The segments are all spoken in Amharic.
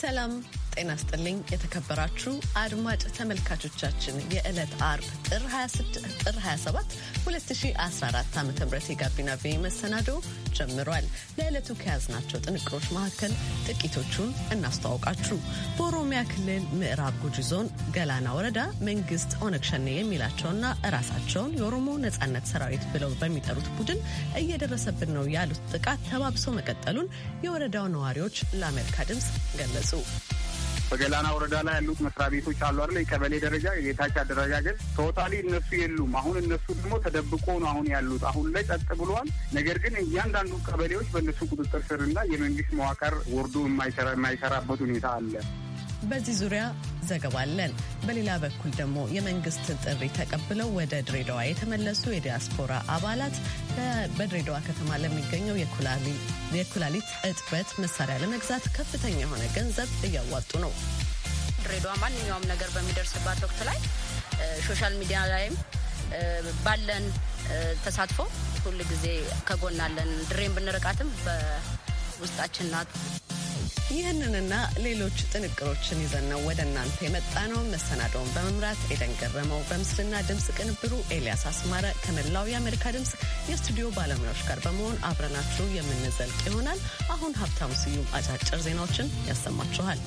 ሰላም ጤና ስጥልኝ የተከበራችሁ አድማጭ ተመልካቾቻችን የዕለት አርብ ጥር 26 ጥር 27 2014 ዓ ም የጋቢና ቤ መሰናዶ ጀምሯል። ለዕለቱ ከያዝናቸው ጥንቅሮች መካከል ጥቂቶቹን እናስተዋውቃችሁ። በኦሮሚያ ክልል ምዕራብ ጉጂ ዞን ገላና ወረዳ መንግስት ኦነግ ሸኔ የሚላቸውና ራሳቸውን የኦሮሞ ነጻነት ሰራዊት ብለው በሚጠሩት ቡድን እየደረሰብን ነው ያሉት ጥቃት ተባብሶ መቀጠሉን የወረዳው ነዋሪዎች ለአሜሪካ ድምፅ ገለጹ። በገላና ወረዳ ላይ ያሉት መስሪያ ቤቶች አሉ አይደል? የቀበሌ ደረጃ የታች አደረጃጀት ቶታሊ እነሱ የሉም። አሁን እነሱ ደግሞ ተደብቆ ነው አሁን ያሉት። አሁን ላይ ጸጥ ብሏል። ነገር ግን እያንዳንዱ ቀበሌዎች በእነሱ ቁጥጥር ስርና የመንግስት መዋቅር ወርዶ የማይሰራበት ሁኔታ አለ። በዚህ ዙሪያ ዘገባ አለን። በሌላ በኩል ደግሞ የመንግስት ጥሪ ተቀብለው ወደ ድሬዳዋ የተመለሱ የዲያስፖራ አባላት በድሬዳዋ ከተማ ለሚገኘው የኩላሊት እጥበት መሳሪያ ለመግዛት ከፍተኛ የሆነ ገንዘብ እያዋጡ ነው። ድሬዳዋ ማንኛውም ነገር በሚደርስባት ወቅት ላይ ሶሻል ሚዲያ ላይም ባለን ተሳትፎ ሁል ጊዜ ከጎናለን። ድሬን ብንርቃትም በውስጣችን ናት። ይህንንና ሌሎች ጥንቅሮችን ይዘን ነው ወደ እናንተ የመጣ ነው። መሰናዶውን በመምራት ኤደን ገረመው፣ በምስልና ድምፅ ቅንብሩ ኤልያስ አስማረ ከመላው የአሜሪካ ድምፅ የስቱዲዮ ባለሙያዎች ጋር በመሆን አብረናችሁ የምንዘልቅ ይሆናል። አሁን ሀብታሙ ስዩም አጫጭር ዜናዎችን ያሰማችኋል።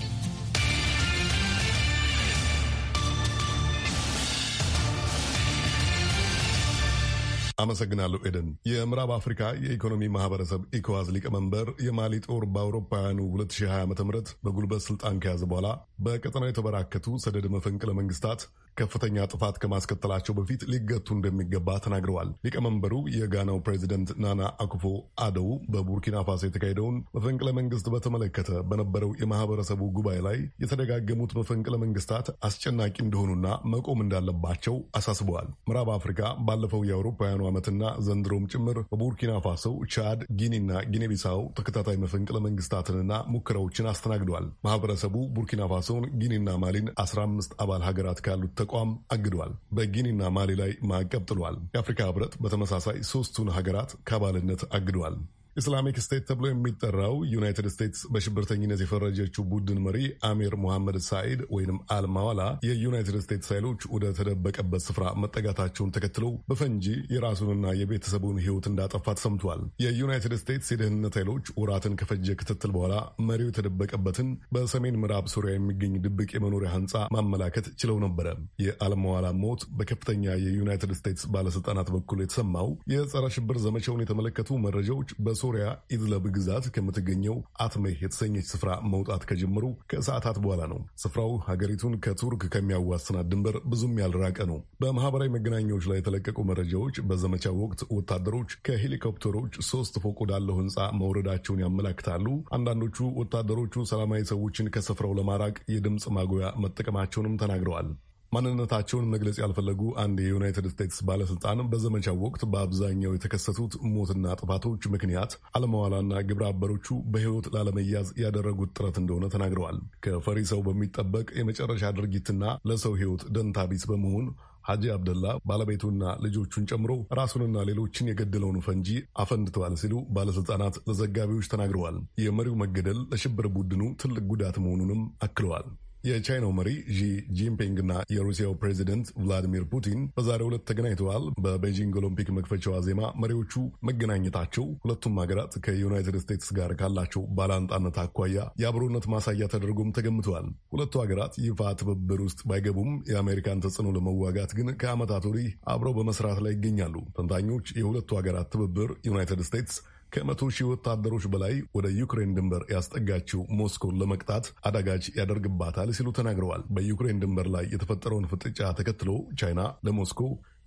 አመሰግናለሁ ኤደን። የምዕራብ አፍሪካ የኢኮኖሚ ማህበረሰብ ኢኮዋዝ ሊቀመንበር የማሊ ጦር በአውሮፓውያኑ 2020 ዓ ም በጉልበት ስልጣን ከያዘ በኋላ በቀጠናው የተበራከቱ ሰደድ መፈንቅለ መንግስታት ከፍተኛ ጥፋት ከማስከተላቸው በፊት ሊገቱ እንደሚገባ ተናግረዋል። ሊቀመንበሩ የጋናው ፕሬዚደንት ናና አኩፎ አደው በቡርኪና ፋሶ የተካሄደውን መፈንቅለ መንግስት በተመለከተ በነበረው የማህበረሰቡ ጉባኤ ላይ የተደጋገሙት መፈንቅለ መንግስታት አስጨናቂ እንደሆኑና መቆም እንዳለባቸው አሳስበዋል። ምዕራብ አፍሪካ ባለፈው የአውሮፓውያኑ ዓመትና ዘንድሮም ጭምር በቡርኪና ፋሶ፣ ቻድ፣ ጊኒና ጊኔቢሳው ተከታታይ መፈንቅለ መንግስታትንና ሙከራዎችን አስተናግደዋል። ማህበረሰቡ ቡርኪና ፋሶን፣ ጊኒና ማሊን 15 አባል ሀገራት ካሉት ተቋም አግደዋል። በጊኒና ማሊ ላይ ማዕቀብ ጥሏል። የአፍሪካ ህብረት በተመሳሳይ ሶስቱን ሀገራት ከአባልነት አግደዋል። ኢስላሚክ ስቴት ተብሎ የሚጠራው ዩናይትድ ስቴትስ በሽብርተኝነት የፈረጀችው ቡድን መሪ አሚር ሙሐመድ ሳኢድ ወይም አልማዋላ የዩናይትድ ስቴትስ ኃይሎች ወደ ተደበቀበት ስፍራ መጠጋታቸውን ተከትለው በፈንጂ የራሱንና የቤተሰቡን ሕይወት እንዳጠፋ ተሰምቷል። የዩናይትድ ስቴትስ የደህንነት ኃይሎች ወራትን ከፈጀ ክትትል በኋላ መሪው የተደበቀበትን በሰሜን ምዕራብ ሱሪያ የሚገኝ ድብቅ የመኖሪያ ህንፃ ማመላከት ችለው ነበረ። የአልማዋላ ሞት በከፍተኛ የዩናይትድ ስቴትስ ባለስልጣናት በኩል የተሰማው የጸረ ሽብር ዘመቻውን የተመለከቱ መረጃዎች በሶ ሶሪያ ኢድለብ ግዛት ከምትገኘው አትሜህ የተሰኘች ስፍራ መውጣት ከጀመሩ ከሰዓታት በኋላ ነው። ስፍራው ሀገሪቱን ከቱርክ ከሚያዋስናት ድንበር ብዙም ያልራቀ ነው። በማህበራዊ መገናኛዎች ላይ የተለቀቁ መረጃዎች በዘመቻው ወቅት ወታደሮች ከሄሊኮፕተሮች ሶስት ፎቅ ወዳለው ህንፃ መውረዳቸውን ያመላክታሉ። አንዳንዶቹ ወታደሮቹ ሰላማዊ ሰዎችን ከስፍራው ለማራቅ የድምፅ ማጉያ መጠቀማቸውንም ተናግረዋል። ማንነታቸውን መግለጽ ያልፈለጉ አንድ የዩናይትድ ስቴትስ ባለስልጣን በዘመቻው ወቅት በአብዛኛው የተከሰቱት ሞትና ጥፋቶች ምክንያት አለመዋላና ግብረ አበሮቹ በሕይወት ላለመያዝ ያደረጉት ጥረት እንደሆነ ተናግረዋል። ከፈሪ ሰው በሚጠበቅ የመጨረሻ ድርጊትና ለሰው ሕይወት ደንታ ቢስ በመሆን ሀጂ አብደላ ባለቤቱና ልጆቹን ጨምሮ ራሱንና ሌሎችን የገደለውን ፈንጂ አፈንድተዋል ሲሉ ባለስልጣናት ለዘጋቢዎች ተናግረዋል። የመሪው መገደል ለሽብር ቡድኑ ትልቅ ጉዳት መሆኑንም አክለዋል። የቻይናው መሪ ዢ ጂንፒንግና የሩሲያው ፕሬዚደንት ቭላዲሚር ፑቲን በዛሬው ዕለት ተገናኝተዋል። በቤጂንግ ኦሎምፒክ መክፈቻዋ ዜማ መሪዎቹ መገናኘታቸው ሁለቱም ሀገራት ከዩናይትድ ስቴትስ ጋር ካላቸው ባላንጣነት አኳያ የአብሮነት ማሳያ ተደርጎም ተገምተዋል። ሁለቱ ሀገራት ይፋ ትብብር ውስጥ ባይገቡም የአሜሪካን ተጽዕኖ ለመዋጋት ግን ከዓመታት ወዲህ አብረው በመስራት ላይ ይገኛሉ። ተንታኞች የሁለቱ ሀገራት ትብብር ዩናይትድ ስቴትስ ከመቶ ሺህ ወታደሮች በላይ ወደ ዩክሬን ድንበር ያስጠጋችው ሞስኮን ለመቅጣት አዳጋች ያደርግባታል ሲሉ ተናግረዋል። በዩክሬን ድንበር ላይ የተፈጠረውን ፍጥጫ ተከትሎ ቻይና ለሞስኮ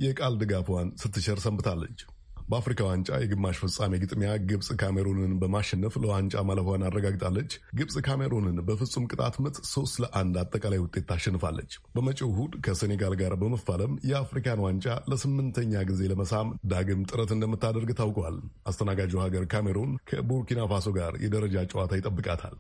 የቃል ድጋፏን ስትሸር ሰንብታለች። በአፍሪካ ዋንጫ የግማሽ ፍጻሜ ግጥሚያ ግብፅ ካሜሩንን በማሸነፍ ለዋንጫ ማለፏን አረጋግጣለች። ግብፅ ካሜሩንን በፍጹም ቅጣት ምት ሶስት ለአንድ አጠቃላይ ውጤት ታሸንፋለች። በመጪው እሁድ ከሴኔጋል ጋር በመፋለም የአፍሪካን ዋንጫ ለስምንተኛ ጊዜ ለመሳም ዳግም ጥረት እንደምታደርግ ታውቋል። አስተናጋጁ ሀገር ካሜሩን ከቡርኪና ፋሶ ጋር የደረጃ ጨዋታ ይጠብቃታል።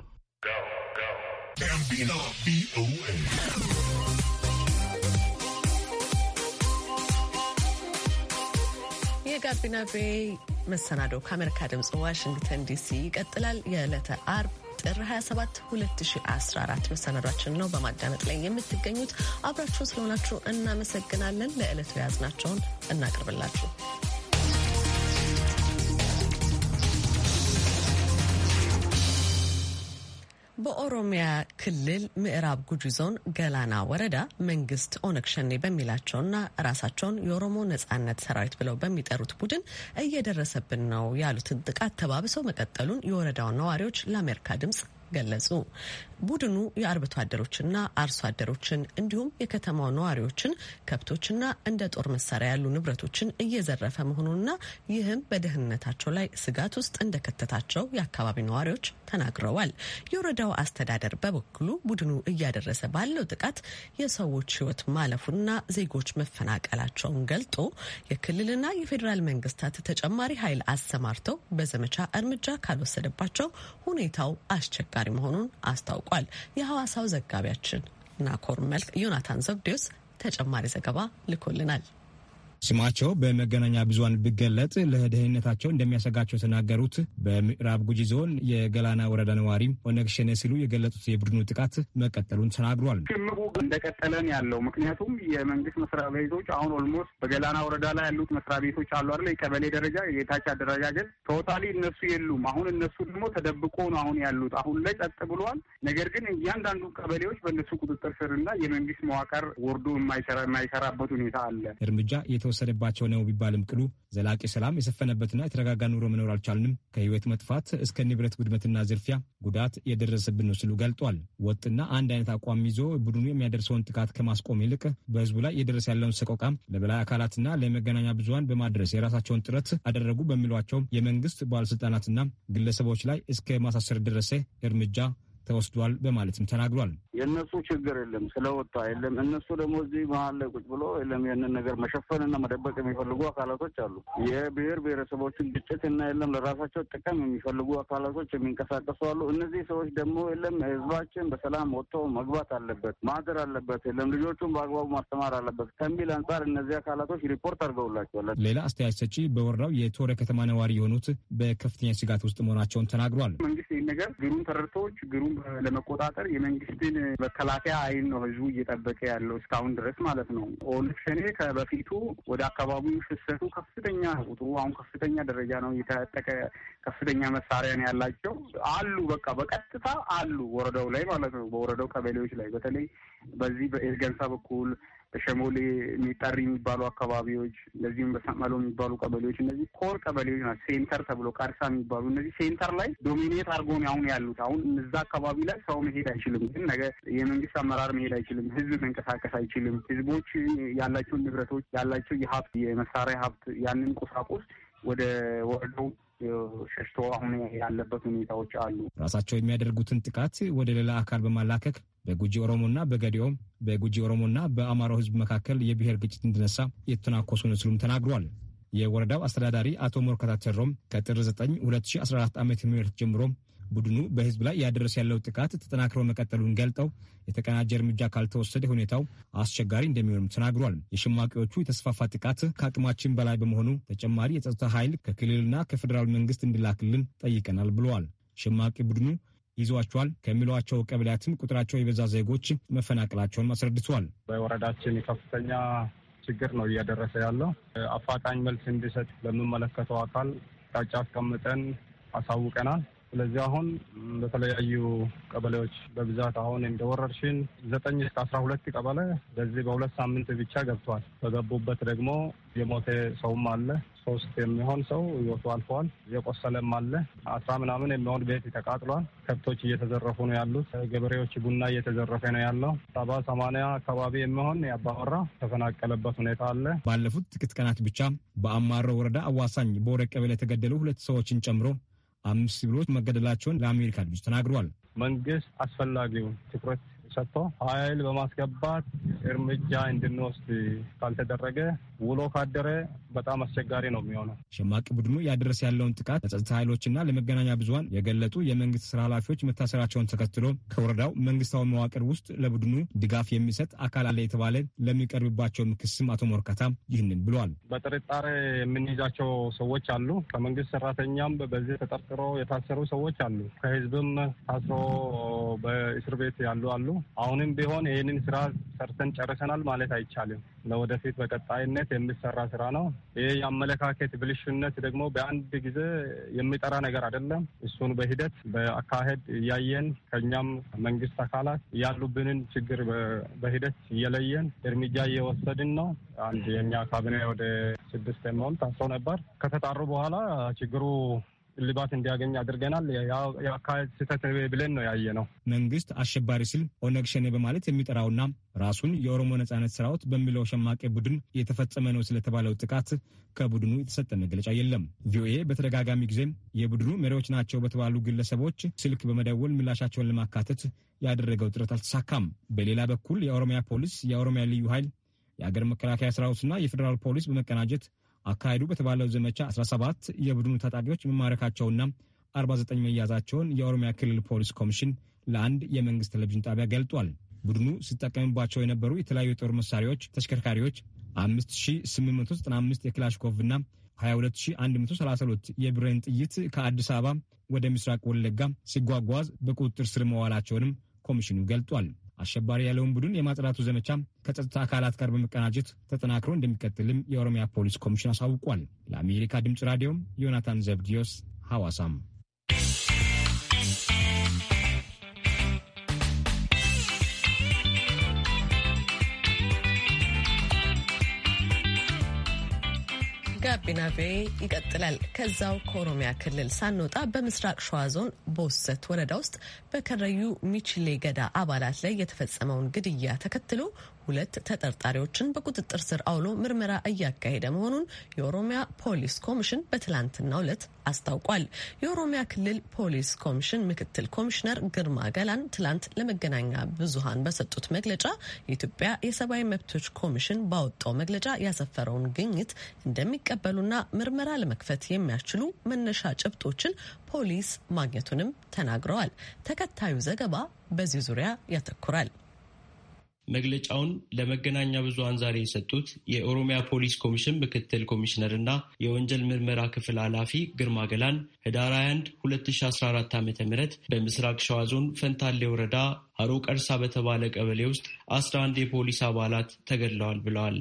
የጋቢና ቤ መሰናዶው ከአሜሪካ ድምፅ ዋሽንግተን ዲሲ ይቀጥላል። የዕለተ አርብ ጥር 27 2014 መሰናዷችን ነው በማዳመጥ ላይ የምትገኙት። አብራችሁ ስለሆናችሁ እናመሰግናለን። ለዕለቱ የያዝናቸውን እናቅርብላችሁ። በኦሮሚያ ክልል ምዕራብ ጉጂ ዞን ገላና ወረዳ መንግስት ኦነግ ሸኔ በሚላቸውና ራሳቸውን የኦሮሞ ነጻነት ሰራዊት ብለው በሚጠሩት ቡድን እየደረሰብን ነው ያሉትን ጥቃት ተባብሰው መቀጠሉን የወረዳው ነዋሪዎች ለአሜሪካ ድምጽ ገለጹ። ቡድኑ የአርብቶ አደሮችና አርሶ አደሮችን እንዲሁም የከተማው ነዋሪዎችን ከብቶችና እንደ ጦር መሳሪያ ያሉ ንብረቶችን እየዘረፈ መሆኑንና ይህም በደህንነታቸው ላይ ስጋት ውስጥ እንደከተታቸው የአካባቢ ነዋሪዎች ተናግረዋል። የወረዳው አስተዳደር በበኩሉ ቡድኑ እያደረሰ ባለው ጥቃት የሰዎች ሕይወት ማለፉና ዜጎች መፈናቀላቸውን ገልጦ የክልልና የፌዴራል መንግስታት ተጨማሪ ኃይል አሰማርተው በዘመቻ እርምጃ ካልወሰደባቸው ሁኔታው አስቸጋሪ አስቸጋሪ መሆኑን አስታውቋል። የሐዋሳው ዘጋቢያችን ናኮር መልክ ዮናታን ዘብዴዎስ ተጨማሪ ዘገባ ልኮልናል። ስማቸው በመገናኛ ብዙሃን ቢገለጥ ለደህንነታቸው እንደሚያሰጋቸው የተናገሩት በምዕራብ ጉጂ ዞን የገላና ወረዳ ነዋሪ ኦነግ ሸኔ ሲሉ የገለጹት የቡድኑ ጥቃት መቀጠሉን ተናግሯል። ሽምቁ እንደቀጠለን ያለው ምክንያቱም የመንግስት መስሪያ ቤቶች አሁን ኦልሞስት በገላና ወረዳ ላይ ያሉት መስሪያ ቤቶች አሉ አለ የቀበሌ ደረጃ የታች አደረጃጀት ቶታሊ እነሱ የሉም። አሁን እነሱ ደግሞ ተደብቆ ነው አሁን ያሉት። አሁን ላይ ጸጥ ብሏል። ነገር ግን እያንዳንዱ ቀበሌዎች በእነሱ ቁጥጥር ስር እና የመንግስት መዋቅር ወርዶ የማይሰራበት ሁኔታ አለ እርምጃ የተወሰደባቸው ነው ቢባልም ቅሉ ዘላቂ ሰላም የሰፈነበትና የተረጋጋ ኑሮ መኖር አልቻልንም፣ ከህይወት መጥፋት እስከ ንብረት ውድመትና ዝርፊያ ጉዳት የደረሰብን ነው ሲሉ ገልጧል። ወጥና አንድ አይነት አቋም ይዞ ቡድኑ የሚያደርሰውን ጥቃት ከማስቆም ይልቅ በህዝቡ ላይ እየደረሰ ያለውን ሰቆቃም ለበላይ አካላትና ለመገናኛ ብዙሀን በማድረስ የራሳቸውን ጥረት አደረጉ በሚሏቸው የመንግስት ባለስልጣናትና ግለሰቦች ላይ እስከ ማሳሰር ደረሰ እርምጃ ተወስዷል በማለትም ተናግሯል። የእነሱ ችግር የለም ስለወጣ የለም። እነሱ ደግሞ እዚህ መሀል ላይ ቁጭ ብሎ የለም ይህንን ነገር መሸፈንና መደበቅ የሚፈልጉ አካላቶች አሉ። የብሔር ብሔረሰቦችን ግጭት እና የለም ለራሳቸው ጥቅም የሚፈልጉ አካላቶች የሚንቀሳቀሱ አሉ። እነዚህ ሰዎች ደግሞ የለም ህዝባችን በሰላም ወጥቶ መግባት አለበት፣ ማደር አለበት፣ የለም ልጆቹን በአግባቡ ማስተማር አለበት ከሚል አንጻር እነዚህ አካላቶች ሪፖርት አድርገውላቸዋል። ሌላ አስተያየት ሰጪ በወረዳው የቶረ ከተማ ነዋሪ የሆኑት በከፍተኛ ስጋት ውስጥ መሆናቸውን ተናግሯል። መንግስት ይህን ነገር ችግሩን ተረድቶ ችግሩን ለመቆጣጠር የመንግስትን መከላከያ አይን ነው ህዝቡ እየጠበቀ ያለው እስካሁን ድረስ ማለት ነው። ኦነግ ሸኔ ከበፊቱ ወደ አካባቢው ፍሰቱ ከፍተኛ ቁጥሩ አሁን ከፍተኛ ደረጃ ነው እየታጠቀ ከፍተኛ መሳሪያ ነው ያላቸው አሉ። በቃ በቀጥታ አሉ ወረዳው ላይ ማለት ነው። በወረዳው ቀበሌዎች ላይ በተለይ በዚህ በኤርገንሳ በኩል በሸሞሌ ሚጠሪ የሚባሉ አካባቢዎች፣ እንደዚሁም በሳማሎ የሚባሉ ቀበሌዎች እነዚህ ኮር ቀበሌዎች ናቸው። ሴንተር ተብሎ ቃርሳ የሚባሉ እነዚህ ሴንተር ላይ ዶሚኔት አድርጎ አሁን ያሉት አሁን እዛ አካባቢ ላይ ሰው መሄድ አይችልም። ግን ነገ የመንግስት አመራር መሄድ አይችልም። ህዝብ መንቀሳቀስ አይችልም። ህዝቦች ያላቸውን ንብረቶች ያላቸው የሀብት የመሳሪያ ሀብት ያንን ቁሳቁስ ወደ ወረዳው ሸሽቶ አሁን ያለበት ሁኔታዎች አሉ። ራሳቸው የሚያደርጉትን ጥቃት ወደ ሌላ አካል በማላከክ በጉጂ ኦሮሞና በገዲኦም በጉጂ ኦሮሞና በአማራው ህዝብ መካከል የብሔር ግጭት እንዲነሳ የተናኮሱ ነው ሲሉም ተናግሯል። የወረዳው አስተዳዳሪ አቶ ሞርካታ ተሮም ከጥር 9 2014 ዓ ም ጀምሮ ቡድኑ በህዝብ ላይ ያደረሰ ያለው ጥቃት ተጠናክሮ መቀጠሉን ገልጠው የተቀናጀ እርምጃ ካልተወሰደ ሁኔታው አስቸጋሪ እንደሚሆንም ተናግሯል። የሸማቂዎቹ የተስፋፋ ጥቃት ከአቅማችን በላይ በመሆኑ ተጨማሪ የጸጥታ ኃይል ከክልልና ከፌዴራል መንግስት እንዲላክልን ጠይቀናል ብለዋል። ሸማቂ ቡድኑ ይዟቸዋል ከሚሏቸው ቀበሌያትም ቁጥራቸው የበዛ ዜጎች መፈናቀላቸውን አስረድተዋል። በወረዳችን ከፍተኛ ችግር ነው እያደረሰ ያለው። አፋጣኝ መልስ እንዲሰጥ ለሚመለከተው አካል አቅጣጫ አስቀምጠን አሳውቀናል። ስለዚህ አሁን በተለያዩ ቀበሌዎች በብዛት አሁን እንደ ወረርሽን ዘጠኝ እስከ አስራ ሁለት ቀበሌ በዚህ በሁለት ሳምንት ብቻ ገብቷል። በገቡበት ደግሞ የሞተ ሰውም አለ። ሶስት የሚሆን ሰው ህይወቱ አልፈዋል። የቆሰለም አለ። አስራ ምናምን የሚሆን ቤት ተቃጥሏል። ከብቶች እየተዘረፉ ነው ያሉት። ገበሬዎች ቡና እየተዘረፈ ነው ያለው። ሰባ ሰማንያ አካባቢ የሚሆን የአባወራ ተፈናቀለበት ሁኔታ አለ። ባለፉት ጥቂት ቀናት ብቻ በአማረ ወረዳ አዋሳኝ በወረ ቀበሌ የተገደሉ ሁለት ሰዎችን ጨምሮ አምስት ሲቪሎች መገደላቸውን ለአሜሪካ ድምፅ ተናግረዋል። መንግስት አስፈላጊውን ትኩረት ሰጥቶ ኃይል በማስገባት እርምጃ እንድንወስድ ካልተደረገ ውሎ ካደረ በጣም አስቸጋሪ ነው የሚሆነው። ሸማቂ ቡድኑ ያደረሰ ያለውን ጥቃት ለጸጥታ ኃይሎችና ለመገናኛ ብዙኃን የገለጡ የመንግስት ስራ ኃላፊዎች መታሰራቸውን ተከትሎ ከወረዳው መንግስታዊ መዋቅር ውስጥ ለቡድኑ ድጋፍ የሚሰጥ አካል አለ የተባለ ለሚቀርብባቸውም ክስም አቶ ሞርካታ ይህንን ብሏል። በጥርጣሬ የምንይዛቸው ሰዎች አሉ። ከመንግስት ሰራተኛም በዚህ ተጠርጥሮ የታሰሩ ሰዎች አሉ። ከህዝብም ታስሮ በእስር ቤት ያሉ አሉ። አሁንም ቢሆን ይህንን ስራ ሰርተን ጨርሰናል ማለት አይቻልም። ለወደፊት በቀጣይነት የሚሰራ ስራ ነው። ይህ የአመለካከት ብልሽነት ደግሞ በአንድ ጊዜ የሚጠራ ነገር አይደለም። እሱን በሂደት በአካሄድ እያየን ከኛም መንግስት አካላት ያሉብንን ችግር በሂደት እየለየን እርምጃ እየወሰድን ነው። አንድ የኛ ካቢኔ ወደ ስድስት የሚሆን ታስሮ ነበር። ከተጣሩ በኋላ ችግሩ ልባት እንዲያገኝ አድርገናል። የአካሄድ ስህተት ብለን ነው ያየ ነው። መንግስት አሸባሪ ሲል ኦነግ ሸኔ በማለት የሚጠራውና ራሱን የኦሮሞ ነጻነት ሰራዊት በሚለው ሸማቂ ቡድን የተፈጸመ ነው ስለተባለው ጥቃት ከቡድኑ የተሰጠ መግለጫ የለም። ቪኦኤ በተደጋጋሚ ጊዜ የቡድኑ መሪዎች ናቸው በተባሉ ግለሰቦች ስልክ በመደወል ምላሻቸውን ለማካተት ያደረገው ጥረት አልተሳካም። በሌላ በኩል የኦሮሚያ ፖሊስ፣ የኦሮሚያ ልዩ ኃይል፣ የአገር መከላከያ ሰራዊትና የፌዴራል ፖሊስ በመቀናጀት አካሄዱ በተባለው ዘመቻ 17 የቡድኑ ታጣቂዎች መማረካቸውና 49 መያዛቸውን የኦሮሚያ ክልል ፖሊስ ኮሚሽን ለአንድ የመንግስት ቴሌቪዥን ጣቢያ ገልጧል። ቡድኑ ሲጠቀምባቸው የነበሩ የተለያዩ የጦር መሳሪያዎች፣ ተሽከርካሪዎች 5895 የክላሽኮቭ እና 22132 የብሬን ጥይት ከአዲስ አበባ ወደ ምስራቅ ወለጋ ሲጓጓዝ በቁጥጥር ስር መዋላቸውንም ኮሚሽኑ ገልጧል። አሸባሪ ያለውን ቡድን የማጽዳቱ ዘመቻ ከጸጥታ አካላት ጋር በመቀናጀት ተጠናክሮ እንደሚቀጥልም የኦሮሚያ ፖሊስ ኮሚሽን አሳውቋል። ለአሜሪካ ድምፅ ራዲዮም ዮናታን ዘብድዮስ ሐዋሳም ጋቢና ቬ ይቀጥላል። ከዛው ከኦሮሚያ ክልል ሳንወጣ በምስራቅ ሸዋ ዞን በወሰት ወረዳ ውስጥ በከረዩ ሚችሌ ገዳ አባላት ላይ የተፈጸመውን ግድያ ተከትሎ ሁለት ተጠርጣሪዎችን በቁጥጥር ስር አውሎ ምርመራ እያካሄደ መሆኑን የኦሮሚያ ፖሊስ ኮሚሽን በትላንትናው ዕለት አስታውቋል። የኦሮሚያ ክልል ፖሊስ ኮሚሽን ምክትል ኮሚሽነር ግርማ ገላን ትላንት ለመገናኛ ብዙኃን በሰጡት መግለጫ የኢትዮጵያ የሰብአዊ መብቶች ኮሚሽን ባወጣው መግለጫ ያሰፈረውን ግኝት እንደሚቀበሉና ምርመራ ለመክፈት የሚያስችሉ መነሻ ጭብጦችን ፖሊስ ማግኘቱንም ተናግረዋል። ተከታዩ ዘገባ በዚህ ዙሪያ ያተኩራል። መግለጫውን ለመገናኛ ብዙሃን ዛሬ የሰጡት የኦሮሚያ ፖሊስ ኮሚሽን ምክትል ኮሚሽነር እና የወንጀል ምርመራ ክፍል ኃላፊ ግርማ ገላን ህዳር 21 2014 ዓ ም በምስራቅ ሸዋ ዞን ፈንታሌ ወረዳ አሮ ቀርሳ በተባለ ቀበሌ ውስጥ 11 የፖሊስ አባላት ተገድለዋል ብለዋል።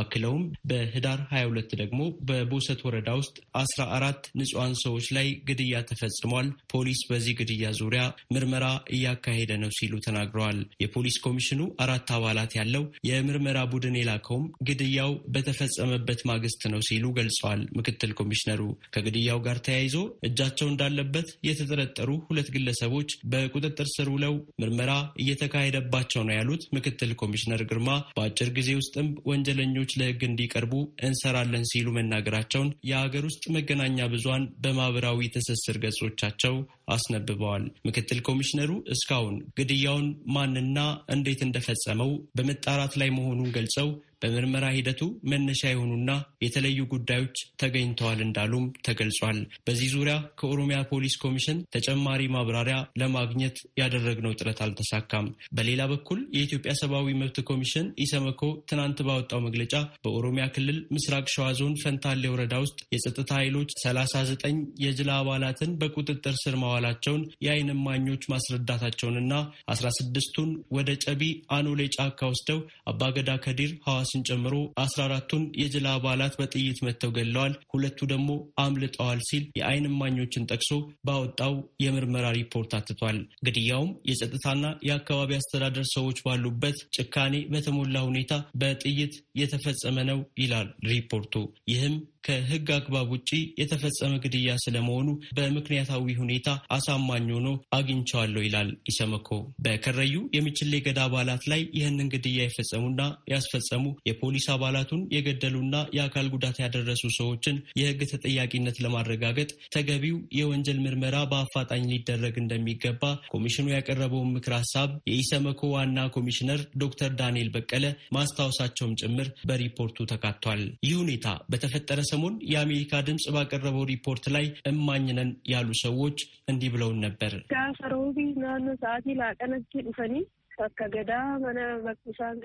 አክለውም በህዳር 22 ደግሞ በቦሰት ወረዳ ውስጥ 14 ንጹሐን ሰዎች ላይ ግድያ ተፈጽሟል፣ ፖሊስ በዚህ ግድያ ዙሪያ ምርመራ እያካሄደ ነው ሲሉ ተናግረዋል። የፖሊስ ኮሚሽኑ አራት አባላት ያለው የምርመራ ቡድን የላከውም ግድያው በተፈጸመበት ማግስት ነው ሲሉ ገልጸዋል። ምክትል ኮሚሽነሩ ከግድያው ጋር ተያይዞ እጃቸው እንዳለበት የተጠረጠሩ ሁለት ግለሰቦች በቁጥጥር ስር ውለው ምርመራ እየተካሄደባቸው ነው ያሉት ምክትል ኮሚሽነር ግርማ በአጭር ጊዜ ውስጥም ወንጀለኞች ለሕግ እንዲቀርቡ እንሰራለን ሲሉ መናገራቸውን የሀገር ውስጥ መገናኛ ብዙሃን በማህበራዊ ትስስር ገጾቻቸው አስነብበዋል። ምክትል ኮሚሽነሩ እስካሁን ግድያውን ማንና እንዴት እንደፈጸመው በመጣራት ላይ መሆኑን ገልጸው በምርመራ ሂደቱ መነሻ የሆኑና የተለዩ ጉዳዮች ተገኝተዋል እንዳሉም ተገልጿል። በዚህ ዙሪያ ከኦሮሚያ ፖሊስ ኮሚሽን ተጨማሪ ማብራሪያ ለማግኘት ያደረግነው ጥረት አልተሳካም። በሌላ በኩል የኢትዮጵያ ሰብአዊ መብት ኮሚሽን ኢሰመኮ ትናንት ባወጣው መግለጫ በኦሮሚያ ክልል ምስራቅ ሸዋ ዞን ፈንታሌ ወረዳ ውስጥ የጸጥታ ኃይሎች 39 የጅላ አባላትን በቁጥጥር ስር ማዋላቸውን የአይን እማኞች ማስረዳታቸውንና 16ቱን ወደ ጨቢ አኖሌ ጫካ ወስደው አባገዳ ከዲር ሐዋሳ ሰዎችን ጨምሮ አስራ አራቱን የጀላ አባላት በጥይት መትተው ገለዋል፣ ሁለቱ ደግሞ አምልጠዋል ሲል የአይን እማኞችን ጠቅሶ ባወጣው የምርመራ ሪፖርት አትቷል። ግድያውም የጸጥታና የአካባቢ አስተዳደር ሰዎች ባሉበት ጭካኔ በተሞላ ሁኔታ በጥይት የተፈጸመ ነው ይላል ሪፖርቱ። ይህም ከህግ አግባብ ውጪ የተፈጸመ ግድያ ስለመሆኑ በምክንያታዊ ሁኔታ አሳማኝ ሆኖ አግኝቸዋለሁ ይላል ኢሰመኮ። በከረዩ የሚችሌ ገዳ አባላት ላይ ይህንን ግድያ የፈጸሙና ያስፈጸሙ የፖሊስ አባላቱን የገደሉና የአካል ጉዳት ያደረሱ ሰዎችን የህግ ተጠያቂነት ለማረጋገጥ ተገቢው የወንጀል ምርመራ በአፋጣኝ ሊደረግ እንደሚገባ ኮሚሽኑ ያቀረበውን ምክር ሀሳብ የኢሰመኮ ዋና ኮሚሽነር ዶክተር ዳንኤል በቀለ ማስታወሳቸውም ጭምር በሪፖርቱ ተካቷል። ይህ ሁኔታ በተፈጠረ ሰሞን የአሜሪካ ድምፅ ባቀረበው ሪፖርት ላይ እማኝ ነን ያሉ ሰዎች እንዲህ ብለውን ነበር።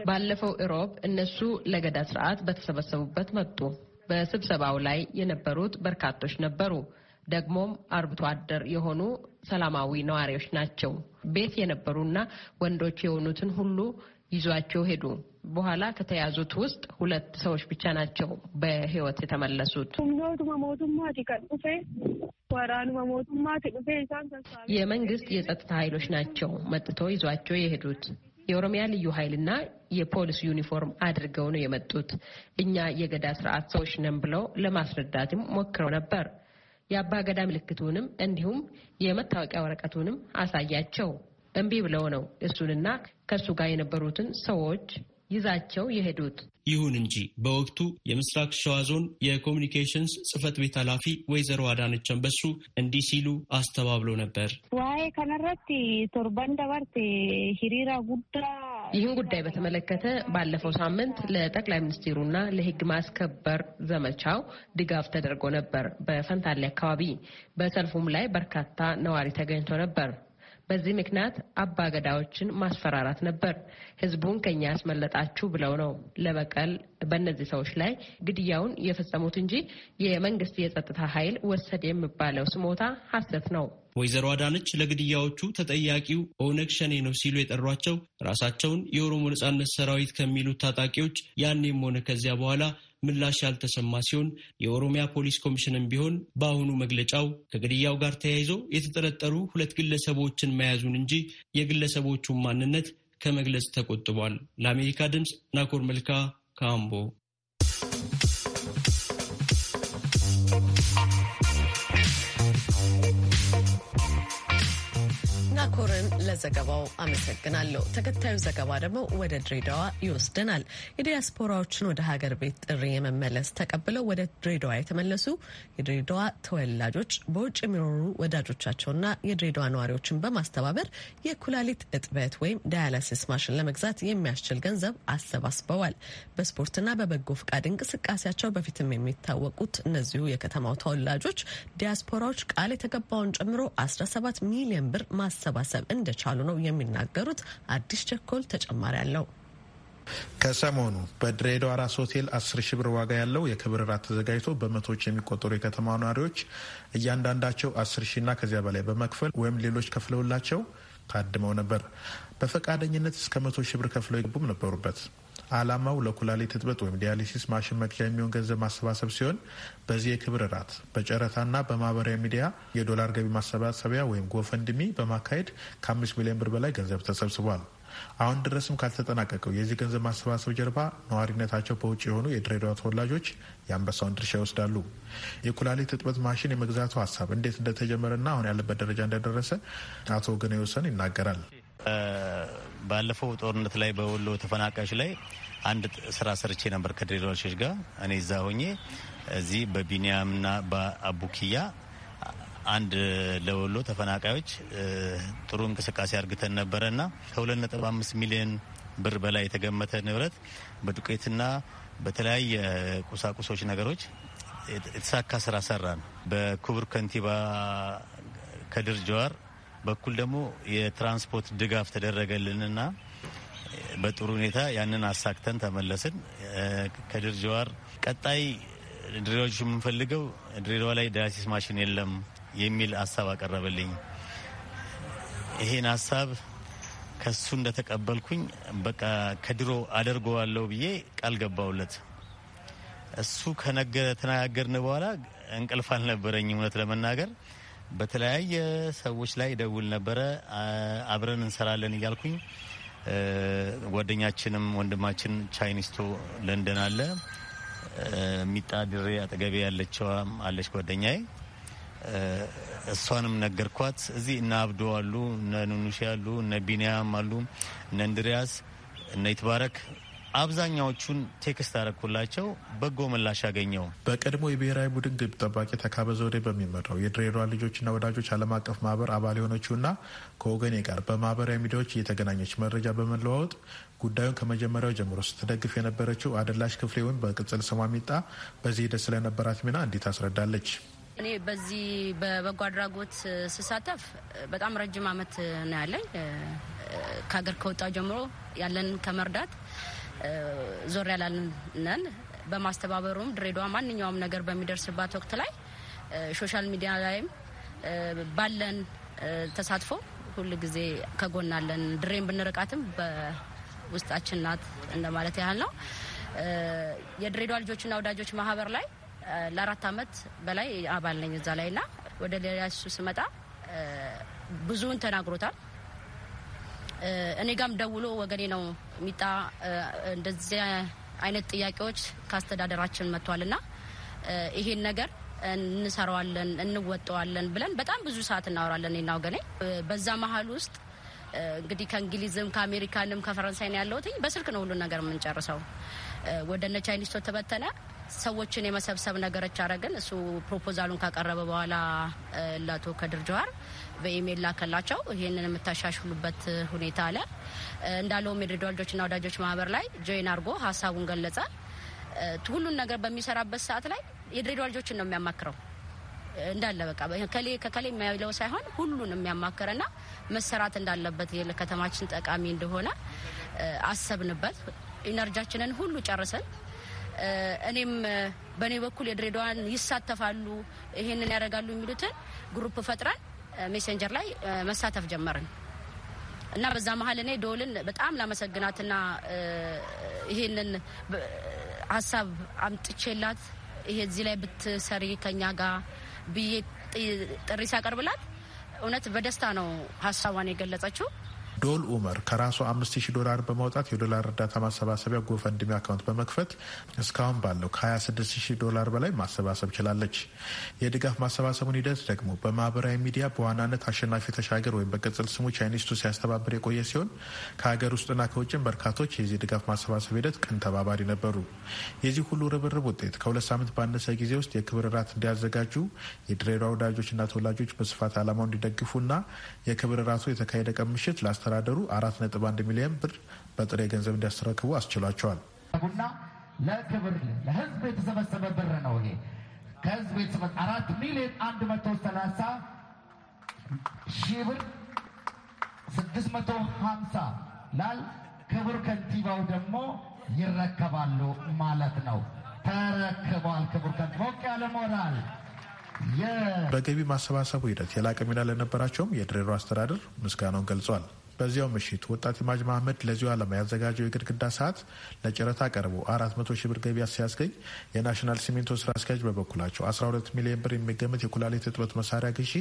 ባለፈው እሮብ እነሱ ለገዳ ስርዓት በተሰበሰቡበት መጡ። በስብሰባው ላይ የነበሩት በርካቶች ነበሩ። ደግሞም አርብቶ አደር የሆኑ ሰላማዊ ነዋሪዎች ናቸው። ቤት የነበሩና ወንዶች የሆኑትን ሁሉ ይዟቸው ሄዱ። በኋላ ከተያዙት ውስጥ ሁለት ሰዎች ብቻ ናቸው በህይወት የተመለሱት። የመንግስት የጸጥታ ኃይሎች ናቸው መጥቶ ይዟቸው የሄዱት። የኦሮሚያ ልዩ ኃይልና የፖሊስ ዩኒፎርም አድርገው ነው የመጡት። እኛ የገዳ ስርዓት ሰዎች ነን ብለው ለማስረዳትም ሞክረው ነበር። የአባ ገዳ ምልክቱንም እንዲሁም የመታወቂያ ወረቀቱንም አሳያቸው። እምቢ ብለው ነው እሱንና ከእሱ ጋር የነበሩትን ሰዎች ይዛቸው የሄዱት። ይሁን እንጂ በወቅቱ የምስራቅ ሸዋ ዞን የኮሚኒኬሽንስ ጽህፈት ቤት ኃላፊ ወይዘሮ አዳነች አንበሱ እንዲህ ሲሉ አስተባብሎ ነበር። ዋይ ከነረት ቶርባን ደበርት ሂሪራ ጉዳ ይህን ጉዳይ በተመለከተ ባለፈው ሳምንት ለጠቅላይ ሚኒስትሩና ለህግ ማስከበር ዘመቻው ድጋፍ ተደርጎ ነበር። በፈንታሌ አካባቢ በሰልፉም ላይ በርካታ ነዋሪ ተገኝቶ ነበር። በዚህ ምክንያት አባገዳዎችን ማስፈራራት ነበር። ህዝቡን ከኛ ያስመለጣችሁ ብለው ነው ለበቀል በእነዚህ ሰዎች ላይ ግድያውን የፈጸሙት እንጂ የመንግስት የጸጥታ ኃይል ወሰድ የሚባለው ስሞታ ሀሰት ነው። ወይዘሮ አዳነች ለግድያዎቹ ተጠያቂው ኦነግ ሸኔ ነው ሲሉ የጠሯቸው ራሳቸውን የኦሮሞ ነጻነት ሰራዊት ከሚሉት ታጣቂዎች ያኔም ሆነ ከዚያ በኋላ ምላሽ ያልተሰማ ሲሆን የኦሮሚያ ፖሊስ ኮሚሽንም ቢሆን በአሁኑ መግለጫው ከግድያው ጋር ተያይዞ የተጠረጠሩ ሁለት ግለሰቦችን መያዙን እንጂ የግለሰቦቹን ማንነት ከመግለጽ ተቆጥቧል። ለአሜሪካ ድምፅ ናኮር መልካ ካምቦ። ናኮርን ለዘገባው አመሰግናለሁ። ተከታዩ ዘገባ ደግሞ ወደ ድሬዳዋ ይወስደናል። የዲያስፖራዎችን ወደ ሀገር ቤት ጥሪ የመመለስ ተቀብለው ወደ ድሬዳዋ የተመለሱ የድሬዳዋ ተወላጆች በውጭ የሚኖሩ ወዳጆቻቸውና የድሬዳዋ ነዋሪዎችን በማስተባበር የኩላሊት እጥበት ወይም ዳያላሲስ ማሽን ለመግዛት የሚያስችል ገንዘብ አሰባስበዋል። በስፖርትና በበጎ ፍቃድ እንቅስቃሴያቸው በፊትም የሚታወቁት እነዚሁ የከተማው ተወላጆች ዲያስፖራዎች ቃል የተገባውን ጨምሮ 17 ሚሊዮን ብር ማሰ ማሰባሰብ እንደቻሉ ነው የሚናገሩት። አዲስ ቸኮል ተጨማሪ አለው። ከሰሞኑ በድሬዳዋ ራስ ሆቴል አስር ሺ ብር ዋጋ ያለው የክብር ራት ተዘጋጅቶ በመቶዎች የሚቆጠሩ የከተማ ነዋሪዎች እያንዳንዳቸው አስር ሺና ከዚያ በላይ በመክፈል ወይም ሌሎች ከፍለውላቸው ታድመው ነበር። በፈቃደኝነት እስከ መቶ ሺ ብር ከፍለው ይገቡም ነበሩበት። ዓላማው ለኩላሊት እጥበት ወይም ዲያሊሲስ ማሽን መግዣ የሚሆን ገንዘብ ማሰባሰብ ሲሆን በዚህ የክብር እራት በጨረታና በማህበራዊ ሚዲያ የዶላር ገቢ ማሰባሰቢያ ወይም ጎፈንድሚ በማካሄድ ከአምስት ሚሊዮን ብር በላይ ገንዘብ ተሰብስቧል። አሁን ድረስም ካልተጠናቀቀው የዚህ ገንዘብ ማሰባሰብ ጀርባ ነዋሪነታቸው በውጭ የሆኑ የድሬዳዋ ተወላጆች የአንበሳውን ድርሻ ይወስዳሉ። የኩላሊት እጥበት ማሽን የመግዛቱ ሀሳብ እንዴት እንደተጀመረና አሁን ያለበት ደረጃ እንደደረሰ አቶ ወገነ የወሰን ይናገራል። ባለፈው ጦርነት ላይ በወሎ ተፈናቃዮች ላይ አንድ ስራ ሰርቼ ነበር ከድሬዳዋ ልጆች ጋር እኔ እዛ ሆኜ እዚህ በቢኒያምና በአቡኪያ አንድ ለወሎ ተፈናቃዮች ጥሩ እንቅስቃሴ አርግተን ነበረና ከ2.5 ሚሊዮን ብር በላይ የተገመተ ንብረት በዱቄትና በተለያየ ቁሳቁሶች ነገሮች የተሳካ ስራ ሰራን። በክቡር ከንቲባ ከድር ጀዋር በኩል ደግሞ የትራንስፖርት ድጋፍ ተደረገልንና በጥሩ ሁኔታ ያንን አሳክተን ተመለስን። ከድርጅዋር ቀጣይ ድሬዳዎች የምንፈልገው ድሬዳዋ ላይ ዳያሲስ ማሽን የለም የሚል ሀሳብ አቀረበልኝ። ይሄን ሀሳብ ከሱ እንደተቀበልኩኝ በቃ ከድሮ አደርገዋለሁ ብዬ ቃል ገባውለት። እሱ ከነገ ተነጋገርን በኋላ እንቅልፍ አልነበረኝ እውነት ለመናገር በተለያየ ሰዎች ላይ ደውል ነበረ። አብረን እንሰራለን እያልኩኝ ጓደኛችንም ወንድማችን ቻይኒስቶ ለንደን አለ ሚጣ ድሬ አጠገቤ ያለችዋም አለች ጓደኛዬ። እሷንም ነገርኳት። እዚህ እነ አብዶ አሉ፣ እነ ኑኑሽ አሉ፣ እነ ቢንያም አሉ፣ እነ እንድሪያስ፣ እነ ይትባረክ አብዛኛዎቹን ቴክስት አረኩላቸው። በጎ ምላሽ አገኘው። በቀድሞ የብሔራዊ ቡድን ግብ ጠባቂ ተካበ ወደ በሚመራው የድሬዳዋ ልጆችና ወዳጆች ዓለም አቀፍ ማህበር አባል የሆነችውና ከወገኔ ጋር በማህበራዊ ሚዲያዎች እየተገናኘች መረጃ በመለዋወጥ ጉዳዩን ከመጀመሪያው ጀምሮ ስትደግፍ የነበረችው አደላሽ ክፍሌ ወይም በቅጽል ስሟ ሚጣ በዚህ ሂደት ስለነበራት ሚና እንዲት አስረዳለች። እኔ በዚህ በበጎ አድራጎት ስሳተፍ በጣም ረጅም ዓመት ነው ያለኝ ከሀገር ከወጣ ጀምሮ ያለን ከመርዳት ዞር ያላልነን በማስተባበሩም ድሬዳዋ ማንኛውም ነገር በሚደርስባት ወቅት ላይ ሶሻል ሚዲያ ላይም ባለን ተሳትፎ ሁል ጊዜ ከጎናለን። ድሬን ብንርቃትም በውስጣችን ናት እንደማለት ያህል ነው። የድሬዳዋ ልጆችና ወዳጆች ማህበር ላይ ለአራት ዓመት በላይ አባል ነኝ እዛ ላይ ና ወደ ሌላ ሱ ስመጣ ብዙውን ተናግሮታል እኔ ጋም ደውሎ ወገኔ ነው ሚጣ እንደዚህ አይነት ጥያቄዎች ከአስተዳደራችን መጥቷልና ይሄን ነገር እንሰራዋለን እንወጠዋለን ብለን በጣም ብዙ ሰዓት እናወራለን ና ወገኔ። በዛ መሀል ውስጥ እንግዲህ ከእንግሊዝም ከአሜሪካንም ከፈረንሳይ ነው ያለሁት። በስልክ ነው ሁሉን ነገር የምንጨርሰው። ወደ ነ ቻይኒስቶ ተበተነ ሰዎችን የመሰብሰብ ነገሮች አረግን። እሱ ፕሮፖዛሉን ካቀረበ በኋላ ላቶ ከድር ጀዋር በኢሜይል ላከላቸው። ይህንን የምታሻሽሉበት ሁኔታ አለ እንዳለውም የድሬዳዋ ልጆችና ወዳጆች ማህበር ላይ ጆይን አድርጎ ሀሳቡን ገለጸ። ሁሉን ነገር በሚሰራበት ሰዓት ላይ የድሬዳዋ ልጆችን ነው የሚያማክረው እንዳለ በቃ ከሌ ከከሌ የሚያለው ሳይሆን ሁሉን የሚያማክርና መሰራት እንዳለበት ለከተማችን ጠቃሚ እንደሆነ አሰብንበት። ኢነርጃችንን ሁሉ ጨርሰን እኔም በእኔ በኩል የድሬዳዋን ይሳተፋሉ፣ ይሄንን ያደርጋሉ የሚሉትን ግሩፕ ፈጥረን ሜሴንጀር ላይ መሳተፍ ጀመርን እና በዛ መሀል እኔ ዶልን በጣም ላመሰግናትና ይህንን ሀሳብ አምጥቼላት ይሄ እዚህ ላይ ብትሰሪ ከኛ ጋር ብዬ ጥሪ ሲያቀርብላት እውነት በደስታ ነው ሀሳቧን የገለጸችው። ዶል ኡመር ከራሱ አምስት ሺህ ዶላር በማውጣት የዶላር እርዳታ ማሰባሰቢያ ጎፈንድሚ አካውንት በመክፈት እስካሁን ባለው ከ26 ሺህ ዶላር በላይ ማሰባሰብ ችላለች። የድጋፍ ማሰባሰቡን ሂደት ደግሞ በማህበራዊ ሚዲያ በዋናነት አሸናፊ ተሻገር ወይም በቅጽል ስሙ ቻይኒስቱ ሲያስተባብር የቆየ ሲሆን ከሀገር ውስጥና ከውጭም በርካቶች የዚህ ድጋፍ ማሰባሰብ ሂደት ቅን ተባባሪ ነበሩ። የዚህ ሁሉ ርብርብ ውጤት ከሁለት ሳምንት ባነሰ ጊዜ ውስጥ የክብር እራት እንዲያዘጋጁ የድሬዳዋ ወዳጆችና ተወላጆች በስፋት ዓላማው እንዲደግፉና የክብር እራቱ የተካሄደ ቀን ምሽት ላስታ አስተዳደሩ አራት ነጥብ አንድ ሚሊዮን ብር በጥሬ ገንዘብ እንዲያስተረክቡ አስችሏቸዋል። ቡና ለክብር ለህዝብ የተሰበሰበ ብር ነው። ይሄ ከህዝብ የተሰበ አራት ሚሊዮን አንድ መቶ ሰላሳ ሺህ ብር ስድስት መቶ ሀምሳ ላል ክብር ከንቲባው ደግሞ ይረከባሉ ማለት ነው። ተረክቧል። ክቡር ከንቲባ ሞቅ ያለ ሞራል በገቢ ማሰባሰቡ ሂደት የላቀ ሚና ለነበራቸውም የድሬዳዋ አስተዳደር ምስጋናውን ገልጿል። በዚያው ምሽት ወጣት ማጅ ማህመድ ለዚሁ ዓላማ ያዘጋጀው የግድግዳ ሰዓት ለጨረታ ቀርቦ አራት መቶ ሺህ ብር ገቢያ ሲያስገኝ የናሽናል ሲሚንቶ ስራ አስኪያጅ በበኩላቸው 12 ሚሊዮን ብር የሚገመት የኩላሊት እጥበት መሳሪያ ግዢ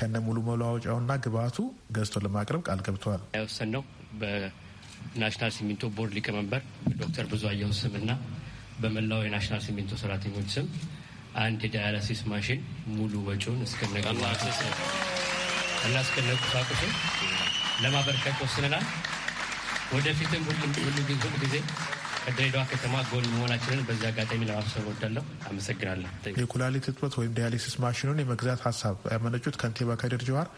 ከነ ሙሉ መለዋወጫውና ግብአቱ ገዝቶ ለማቅረብ ቃል ገብተዋል። ያወሰንነው በናሽናል ሲሚንቶ ቦርድ ሊቀመንበር ዶክተር ብዙ አየው ስምና በመላው የናሽናል ሲሚንቶ ሰራተኞች ስም አንድ የዳያላሲስ ማሽን ሙሉ ወጪውን እስከነ እና እስከነ ቁሳቁሱን ለማበርከት ወስነናል። ወደፊትም ሁሉ ጊዜ ከድሬዳዋ ከተማ ጎን መሆናችንን በዚህ አጋጣሚ ለማብሰብ ወዳለሁ። አመሰግናለሁ። የኩላሊት ህትመት ወይም ዲያሊሲስ ማሽኑን የመግዛት ሀሳብ ያመነጩት ከንቲባ ከድር ጀዋር፣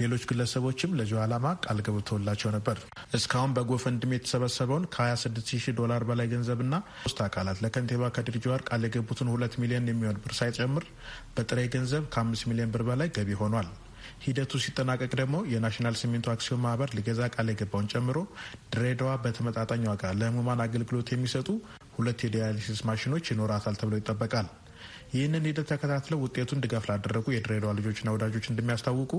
ሌሎች ግለሰቦችም ለዚሁ ዓላማ ቃል ገብተውላቸው ነበር። እስካሁን በጎፈንድሜ የተሰበሰበውን ከ26000 ዶላር በላይ ገንዘብና ሶስት አካላት ለከንቲባ ከድር ጀዋር ቃል የገቡትን ሁለት ሚሊዮን የሚሆን ብር ሳይጨምር በጥሬ ገንዘብ ከአምስት ሚሊዮን ብር በላይ ገቢ ሆኗል። ሂደቱ ሲጠናቀቅ ደግሞ የናሽናል ሲሚንቶ አክሲዮን ማህበር ሊገዛ ቃል የገባውን ጨምሮ ድሬዳዋ በተመጣጣኝ ዋጋ ለህሙማን አገልግሎት የሚሰጡ ሁለት የዲያሊሲስ ማሽኖች ይኖራታል ተብሎ ይጠበቃል። ይህንን ሂደት ተከታትለው ውጤቱን ድጋፍ ላደረጉ የድሬዳዋ ልጆችና ወዳጆች እንደሚያስታውቁ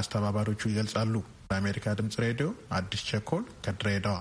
አስተባባሪዎቹ ይገልጻሉ። ለአሜሪካ ድምጽ ሬዲዮ አዲስ ቸኮል ከድሬዳዋ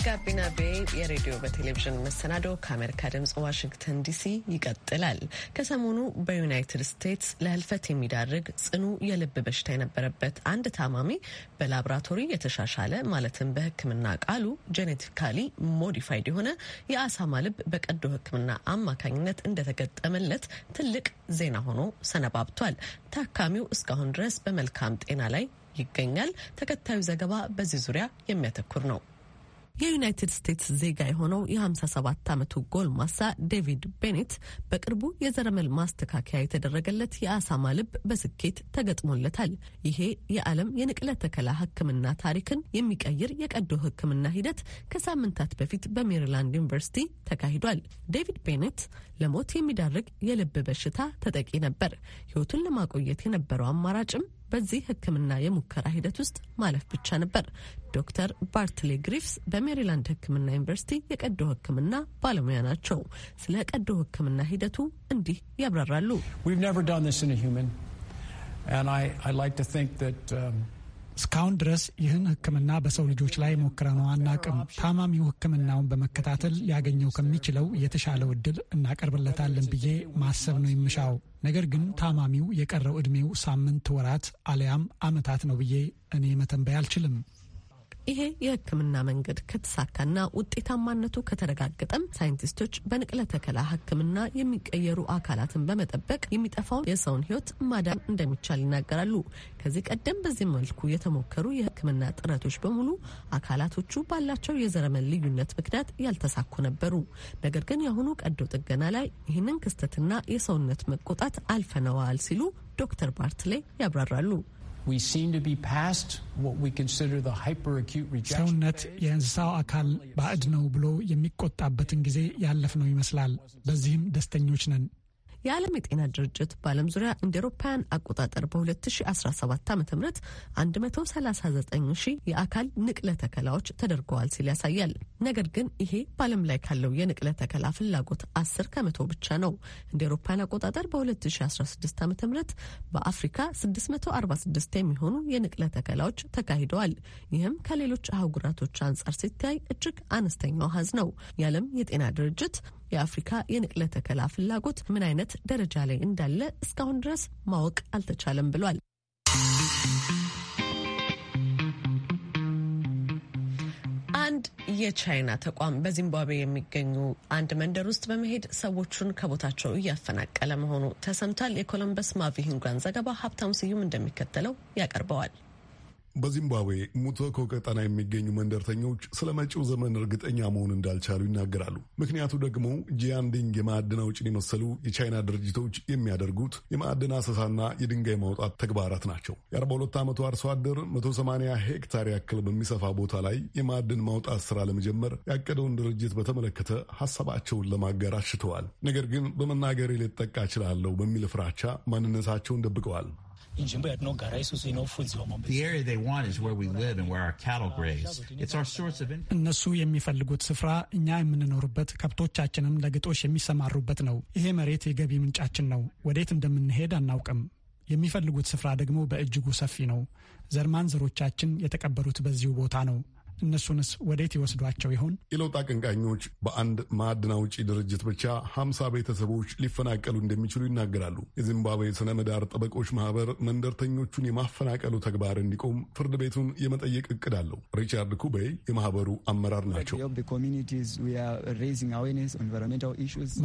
የጋቢና ቤ የሬዲዮ በቴሌቪዥን መሰናዶ ከአሜሪካ ድምጽ ዋሽንግተን ዲሲ ይቀጥላል። ከሰሞኑ በዩናይትድ ስቴትስ ለህልፈት የሚዳርግ ጽኑ የልብ በሽታ የነበረበት አንድ ታማሚ በላብራቶሪ የተሻሻለ ማለትም በሕክምና ቃሉ ጄኔቲካሊ ሞዲፋይድ የሆነ የአሳማ ልብ በቀዶ ሕክምና አማካኝነት እንደተገጠመለት ትልቅ ዜና ሆኖ ሰነባብቷል። ታካሚው እስካሁን ድረስ በመልካም ጤና ላይ ይገኛል። ተከታዩ ዘገባ በዚህ ዙሪያ የሚያተኩር ነው። የዩናይትድ ስቴትስ ዜጋ የሆነው የ57 ዓመቱ ጎልማሳ ዴቪድ ቤኔት በቅርቡ የዘረመል ማስተካከያ የተደረገለት የአሳማ ልብ በስኬት ተገጥሞለታል። ይሄ የዓለም የንቅለ ተከላ ሕክምና ታሪክን የሚቀይር የቀዶ ሕክምና ሂደት ከሳምንታት በፊት በሜሪላንድ ዩኒቨርሲቲ ተካሂዷል። ዴቪድ ቤኔት ለሞት የሚዳርግ የልብ በሽታ ተጠቂ ነበር። ሕይወቱን ለማቆየት የነበረው አማራጭም በዚህ ሕክምና የሙከራ ሂደት ውስጥ ማለፍ ብቻ ነበር። ዶክተር ባርትሌ ግሪፍስ በሜሪላንድ ሕክምና ዩኒቨርሲቲ የቀዶ ሕክምና ባለሙያ ናቸው። ስለ ቀዶ ሕክምና ሂደቱ እንዲህ ያብራራሉ። እስካሁን ድረስ ይህን ሕክምና በሰው ልጆች ላይ ሞክረነው አናቅም። ታማሚው ሕክምናውን በመከታተል ሊያገኘው ከሚችለው የተሻለው እድል እናቀርብለታለን ብዬ ማሰብ ነው የምሻው። ነገር ግን ታማሚው የቀረው እድሜው ሳምንት፣ ወራት አሊያም አመታት ነው ብዬ እኔ መተንበይ አልችልም። ይሄ የህክምና መንገድ ከተሳካና ውጤታማነቱ ከተረጋገጠም ሳይንቲስቶች በንቅለ ተከላ ህክምና የሚቀየሩ አካላትን በመጠበቅ የሚጠፋውን የሰውን ህይወት ማዳን እንደሚቻል ይናገራሉ። ከዚህ ቀደም በዚህ መልኩ የተሞከሩ የህክምና ጥረቶች በሙሉ አካላቶቹ ባላቸው የዘረመን ልዩነት ምክንያት ያልተሳኩ ነበሩ። ነገር ግን የአሁኑ ቀዶ ጥገና ላይ ይህንን ክስተትና የሰውነት መቆጣት አልፈነዋል ሲሉ ዶክተር ባርትሌ ያብራራሉ። ሰውነት የእንስሳው አካል ባዕድ ነው ብሎ የሚቆጣበትን ጊዜ ያለፍነው ይመስላል። በዚህም ደስተኞች ነን። የዓለም የጤና ድርጅት በዓለም ዙሪያ እንደ ኤሮፓውያን አቆጣጠር በ2017 ዓ ም 139 ሺህ የአካል ንቅለ ተከላዎች ተደርገዋል ሲል ያሳያል። ነገር ግን ይሄ በዓለም ላይ ካለው የንቅለ ተከላ ፍላጎት 10 ከመቶ ብቻ ነው። እንደ ኤሮፓውያን አቆጣጠር በ2016 ዓ ም በአፍሪካ 646 የሚሆኑ የንቅለ ተከላዎች ተካሂደዋል። ይህም ከሌሎች አህጉራቶች አንጻር ሲታይ እጅግ አነስተኛው አሃዝ ነው። የዓለም የጤና ድርጅት የአፍሪካ የንቅለ ተከላ ፍላጎት ምን አይነት ደረጃ ላይ እንዳለ እስካሁን ድረስ ማወቅ አልተቻለም ብሏል። አንድ የቻይና ተቋም በዚምባብዌ የሚገኙ አንድ መንደር ውስጥ በመሄድ ሰዎቹን ከቦታቸው እያፈናቀለ መሆኑ ተሰምቷል። የኮሎምበስ ማቪሂንጓን ዘገባ ሀብታሙ ስዩም እንደሚከተለው ያቀርበዋል። በዚምባብዌ ሙቶኮ ቀጠና የሚገኙ መንደርተኞች ስለ መጪው ዘመን እርግጠኛ መሆን እንዳልቻሉ ይናገራሉ። ምክንያቱ ደግሞ ጂያንዲንግ የማዕድን አውጭን የመሰሉ የቻይና ድርጅቶች የሚያደርጉት የማዕድን አሰሳና የድንጋይ ማውጣት ተግባራት ናቸው። የ42 ዓመቱ አርሶ አደር 180 ሄክታር ያክል በሚሰፋ ቦታ ላይ የማዕድን ማውጣት ስራ ለመጀመር ያቀደውን ድርጅት በተመለከተ ሀሳባቸውን ለማጋር አሽተዋል። ነገር ግን በመናገሬ ልጠቃ እችላለሁ በሚል ፍራቻ ማንነታቸውን ደብቀዋል። እነሱ የሚፈልጉት ስፍራ እኛ የምንኖርበት ከብቶቻችንም ለግጦሽ የሚሰማሩበት ነው። ይሄ መሬት የገቢ ምንጫችን ነው። ወዴት እንደምንሄድ አናውቅም። የሚፈልጉት ስፍራ ደግሞ በእጅጉ ሰፊ ነው። ዘርማን ዘሮቻችን የተቀበሩት በዚሁ ቦታ ነው። እነሱንስ ወዴት ይወስዷቸው ይሆን? የለውጥ አቀንቃኞች በአንድ ማዕድን አውጪ ድርጅት ብቻ ሀምሳ ቤተሰቦች ሊፈናቀሉ እንደሚችሉ ይናገራሉ። የዚምባብዌ ስነ ምህዳር ጠበቆች ማህበር መንደርተኞቹን የማፈናቀሉ ተግባር እንዲቆም ፍርድ ቤቱን የመጠየቅ እቅድ አለው። ሪቻርድ ኩቤይ የማህበሩ አመራር ናቸው።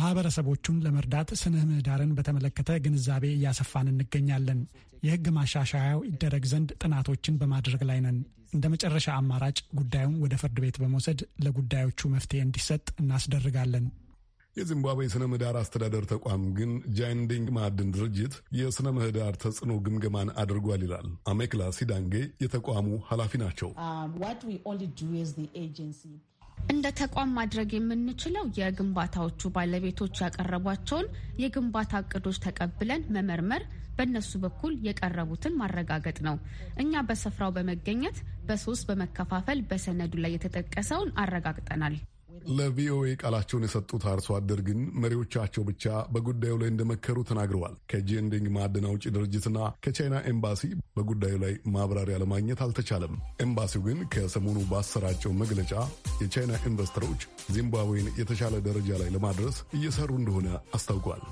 ማህበረሰቦቹን ለመርዳት ስነ ምህዳርን በተመለከተ ግንዛቤ እያሰፋን እንገኛለን። የህግ ማሻሻያው ይደረግ ዘንድ ጥናቶችን በማድረግ ላይ ነን። እንደ መጨረሻ አማራጭ ጉዳዩን ወደ ፍርድ ቤት በመውሰድ ለጉዳዮቹ መፍትሄ እንዲሰጥ እናስደርጋለን። የዚምባብዌ ስነ ምህዳር አስተዳደር ተቋም ግን ጃይንዲንግ ማዕድን ድርጅት የስነ ምህዳር ተጽዕኖ ግምገማን አድርጓል ይላል። አሜክላ ሲዳንጌ የተቋሙ ኃላፊ ናቸው። um, እንደ ተቋም ማድረግ የምንችለው የግንባታዎቹ ባለቤቶች ያቀረቧቸውን የግንባታ እቅዶች ተቀብለን መመርመር፣ በእነሱ በኩል የቀረቡትን ማረጋገጥ ነው። እኛ በስፍራው በመገኘት በሶስት በመከፋፈል በሰነዱ ላይ የተጠቀሰውን አረጋግጠናል። ለቪኦኤ ቃላቸውን የሰጡት አርሶ አደር ግን መሪዎቻቸው ብቻ በጉዳዩ ላይ እንደመከሩ ተናግረዋል። ከጄንዲንግ ማዕድን አውጪ ድርጅትና ከቻይና ኤምባሲ በጉዳዩ ላይ ማብራሪያ ለማግኘት አልተቻለም። ኤምባሲው ግን ከሰሞኑ ባሰራጨው መግለጫ የቻይና ኢንቨስተሮች ዚምባብዌን የተሻለ ደረጃ ላይ ለማድረስ እየሰሩ እንደሆነ አስታውቋል።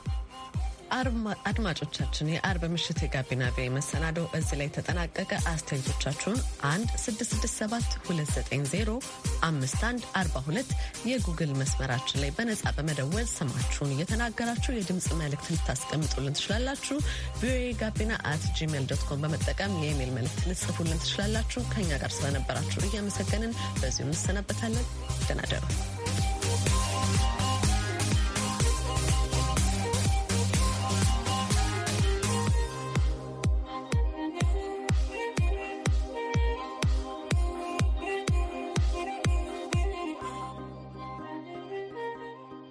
አድማጮቻችን የአርብ ምሽት የጋቢና ቤ መሰናዶ እዚህ ላይ ተጠናቀቀ። አስተያየቶቻችሁን 166729054142 የጉግል መስመራችን ላይ በነጻ በመደወል ስማችሁን እየተናገራችሁ የድምፅ መልእክት ልታስቀምጡልን ትችላላችሁ። ቪኦኤ ጋቢና አት ጂሜል ዶት ኮም በመጠቀም የኢሜል መልእክት ልጽፉልን ትችላላችሁ። ከእኛ ጋር ስለነበራችሁ እያመሰገንን በዚሁ እንሰናበታለን። ደህና